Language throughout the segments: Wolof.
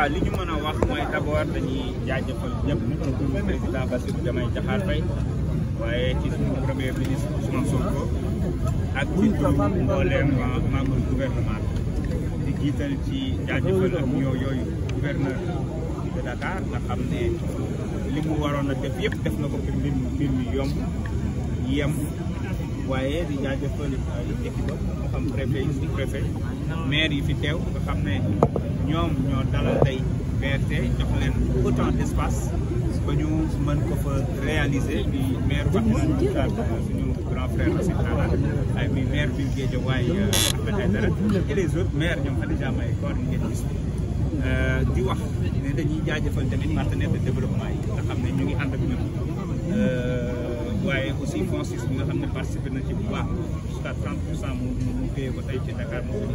waa li ñu mën a wax mooy d'abord dañuy jaajëfal ñëpp président Bassirou Diomaye Diakhar Faye waaye ci suñu premier ministre Ousmane Sonko ak ci turu mbooleem membre gouvernement di jiital ci jaajëfal ak ñoo yooyu gouverneur de Dakar nga xam ne li mu waroon a def yëpp def na ko fi mbir mbir mi yomb yem waaye di jaajëfal équipe ba mu xam préfet yi sous préfet maire yi fi teew nga xam ne ñoom ñoo dalal tey te jox leen autant d' espace ba ñu mën ko fa réaliser di maire wax na suñu grand frère Racine Talla ay muy maire bi waaye Ahmed Aïdara et les autres maires ñoom Khadija Maye Koor ñu ngeen gis di wax ne dañuy jaajëfal tamit partenaire de développement yi nga xam ne ñu ngi ànd ak ñoom waaye aussi FONSIS bi nga xam ne participé na ci bu baax jusqu'à 30 pour mu mu téye ko tey ci Dakar moo ko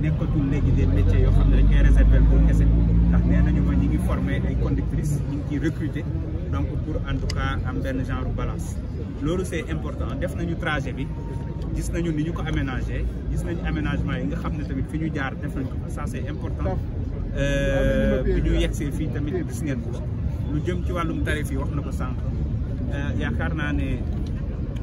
nekkatul léegi des métiers yoo xam ne dañ koy réserver pour kese ndax nee nañu ma ñi ngi former ay conductrices ñi ngi ciy recruter donc pour en tout cas am benn genre balance loolu c'est important def nañu trajet bi gis nañu ni ñu ko aménagé gis nañu aménagement yi nga xam ne tamit fi ñu jaar def nañu ko ça c'est important euh, bi ñu yegsee fii tamit gis ngeen ko lu jëm ci wàllum tarif yi wax na ko sànq euh, yaakaar naa ne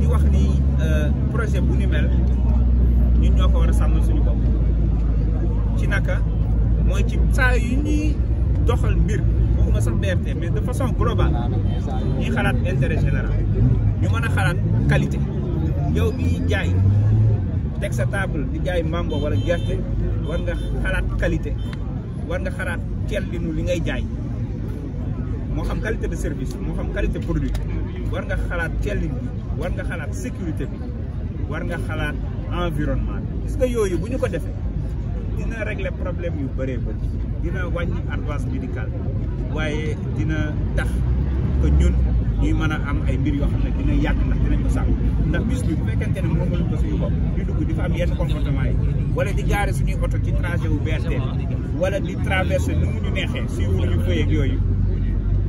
di wax ni euh, projet bu ni mel ñun ñoo ko war a sàmmal suñu bopp ci naka mooy ci saa yu ñuy doxal mbir waxuma sax BRT mais de façon globale ñuy xalaat intérêt ñu mën a xalaat qualité yow mi jaay teg sa table di jaay mango walla gerte war nga xalaat qualité war nga xalaat kell li nu li ngay jaay moo xam qualité de service moo xam qualité produit war nga xalaat kelling bi war nga xalaat sécurité bi war nga xalaat environnement bi gis yooyu bu ñu ko defee dina régler problème yu bëree bëri dina wàññi ardoise médicale waaye dina tax que ñun ñuy mën a am ay mbir yoo xam ne dina yàgg ndax dinañ ko sàmm ndax bis bi bu fekkente ne moomaluñ ko suñu bopp di dugg di fa am yenn comportement yi wala di gaare suñuy oto ci trajet wu BRT wala di traversé nu mu ñu neexee suy wuñu fëyeeg yooyu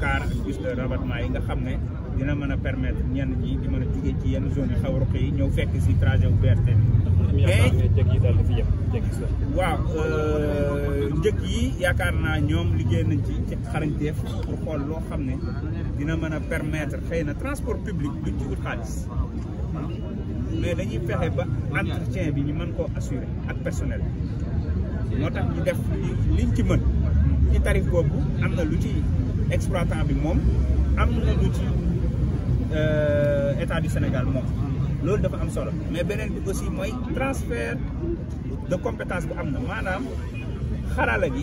car euh, ak bus yi nga xam ne dina mën a permettre ñenn ñi di mën a jugee ci yenn zone yi xaw ruq yi ñëw fekk si trajet bu BRT bi. waaw euh, njëkk yi yaakaar naa ñoom liggéey nañ ci ci xarañteef pour xool loo xam ne dina mën a permettre xëy na transport public duñ ci wut xaalis mais dañuy fexe ba entretien bi ñu mën koo assurer ak personnel moo tax ñu def liñ ci mën ci tarif boobu am na lu ci. exploitant bi moom am na lu ci euh, état du Sénégal moom loolu dafa am solo mais beneen bi aussi mooy transfert de compétence bu am na maanaam xarala gi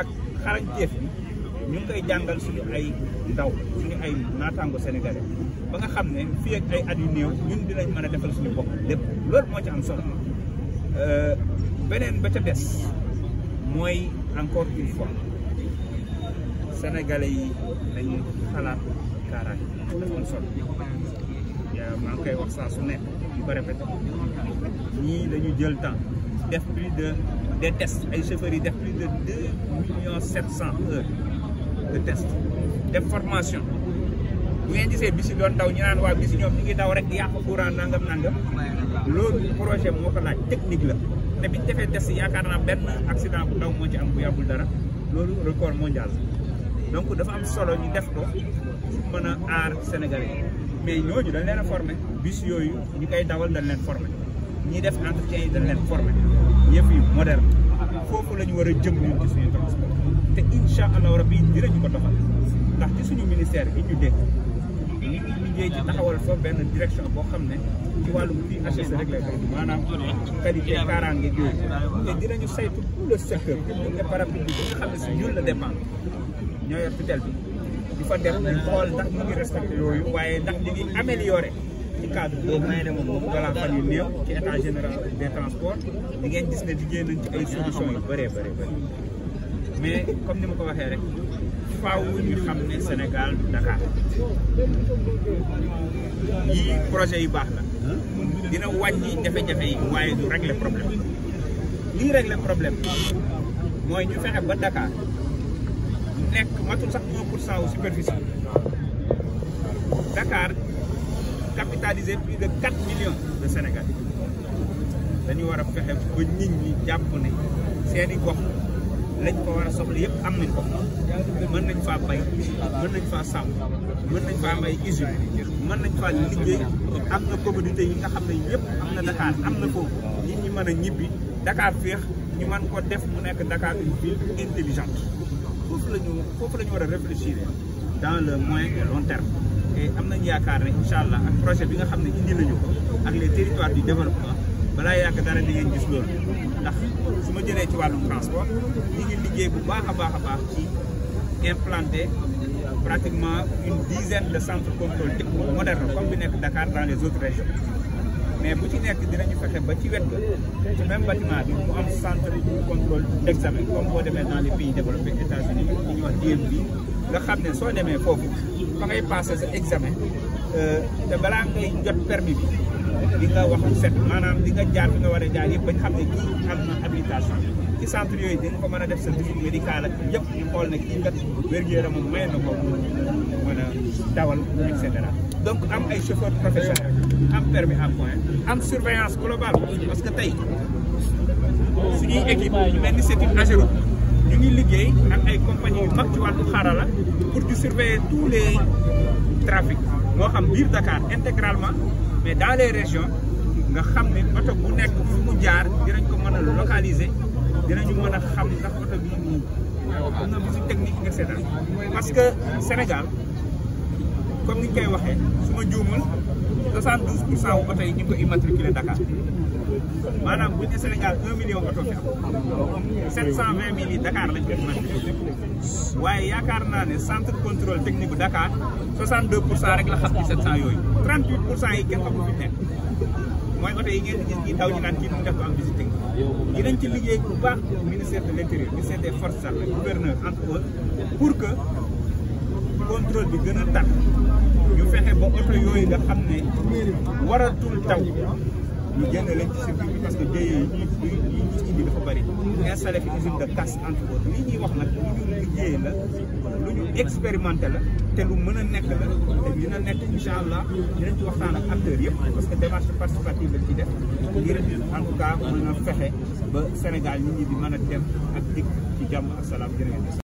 ak xarañteef bi ñu ngi koy jàngal suñu ay ndaw suñu ay naataango sénégalais ba nga xam ne fii ak ay at yu néew ñun dinañ mën a defal suñu bopp lépp loolu moo ci am solo euh, beneen ba ca des mooy encore une sénégalais yi nañu xalaat kaaraange dafa sol yaa maa ngi koy wax saa su nekk di ko répété ñii dañu jël temps def plus de des tests ay chauffeurs yi def plus de deux millions sept heures de test def formation bu ngeen gisee bis yi doon daw ñu naan waa bis yi ñoom ñu ngi daw rek yàq courant nangam nangam loolu projet moo ko laaj technique la te biñ defee test yaakaar naa benn accident bu ndaw moo ci am bu yàggul dara loolu record mondial donc dafa am solo ñu def ko pour mën a aar Sénégalais yi mais ñooñu dañ leen a formé bus yooyu ñu koy dawal dañ leen formé ñii def entretien yi dañ leen formé yëpp yi moderne foofu la ñu war a jëm ñun ci suñu transport te incha allahu rabi dinañu ko doxal ndax ci suñu ministère bi ñu dénk ñu liggéey ci taxawal fa benn direction boo xam ne ci wàllum fii HSE rek lay doon maanaam qualité kaaraange yooyu te dinañu saytu tout le secteur te par rapport bi nga xam ne si ñun la dépendre. ñoo yor tutelle bi di fa def ñu xool ndax ñu ngi respecté yooyu waaye ndax ñu ngi amélioré ci cadre boobu may demoon boobu balaa fan yu néew ci état général des transports di ngeen gis ne di nañ ci ay solution yu bëree bëri bëri mais comme ni ma ko waxee rek faaw ñu xam ne Sénégal Dakar yii projet yu baax la dina wàññi jafe-jafe yi waaye du régler problème lii régler problème mooy ñu fexe ba Dakar nekk matul sax 1 pour cent wu superficie Dakar capitalisé plus de 4 millions de Sénégalais dañu war a fexe ba nit ñi jàpp ne seen i gox lañ ko war a soxla yëpp am nañ ko mën nañ faa bay mën nañ faa sàmm mën nañ faa may usine mën nañ faa liggéey am na commodité yi nga xam ne yëpp am na Dakar am na ko nit ñi mën a ñibbi Dakar féex ñu mën ko def mu nekk Dakar une ville foofu la ñu foofu la ñu war a réfléchir dans le moyen et long terme et am nañu yaakaar ne incha ak projet bi nga xam ne indi nañu ko ak les territoires du développement balaa yàgg dara di ngeen gis loolu ndax su ma jëlee ci wàllum transport ñi ngi liggéey bu baax a baax ci implanter pratiquement une dizaine de centres contrôle technique moderne comme bi nekk Dakar dans les autres régions mais bu ci nekk dinañu fexe ba ci wet ga ci même bâtiment bi mu am centre de contrôle d' examen comme boo demee naa les pays développés États-Unis li ñuy wax DMV bi nga xam ne soo demee foofu fa ngay passé sa examen euh, te balaa ngay jot permis bi li nga wax lu set maanaam li nga jaar fi nga war a jaar yëpp bañ xam ne kii am na habilitation ci centre yooyu di ko mën a def sa visite médicale ak yëpp xool ne kii kat wér-gu-yaramam may na ko mën a dawal et donc am ay chauffeur professionnel am permis à point am surveillance globale parce que tey suñuy équipe ñu mel ni c'est ñu ngi liggéey ak ay compagnie yu mag ci wàllu xarala pour di surveiller tous les trafics moo xam biir Dakar intégralement mais dans les régions nga xam ne oto bu nekk fu mu jaar dinañ ko mën a localiser dinañu mën a xam ndax oto bii nii na bisu technique nga seetaan parce que Sénégal comme ni ñu koy waxee su ma juumul 72 pour cent wu oto yi ñu ngi ko immatriculé Dakar maanaam bu ñu Sénégal 1 million oto fi am 720 mille yi Dakar lañ ko immatriculé waaye yaakaar naa ne centre contrôle technique bu Dakar 62 pour cent rek la xam ci 700 yooyu 38 pour sant yi kenn ko fi nekk. mooy oto yi ngeen di gis ñi daw ñu naan kii def ko am visiting dinañ ci liggéey bu baax ministère de l'intérieur ministère des forces armées gouverneur entre autres pour que contrôle bi gën a tar ñu fexe ba yooyu nga xam ne waratul taw ñu génn leen ci circuit parce que déyee yi ñuy bi dafa bëri installé fi usine de wax nag lu ñu liggéey la lu ñu expérimenté la te lu mën a nekk la te dina nekk incha allah dinañ ci waxtaan ak acteurs yëpp parce que démarche participative lañ ci def ngir en tout cas mën a fexe ba Sénégal nit ñi di mën a dem ak dikk ci jàmm ak salaam jërëjëf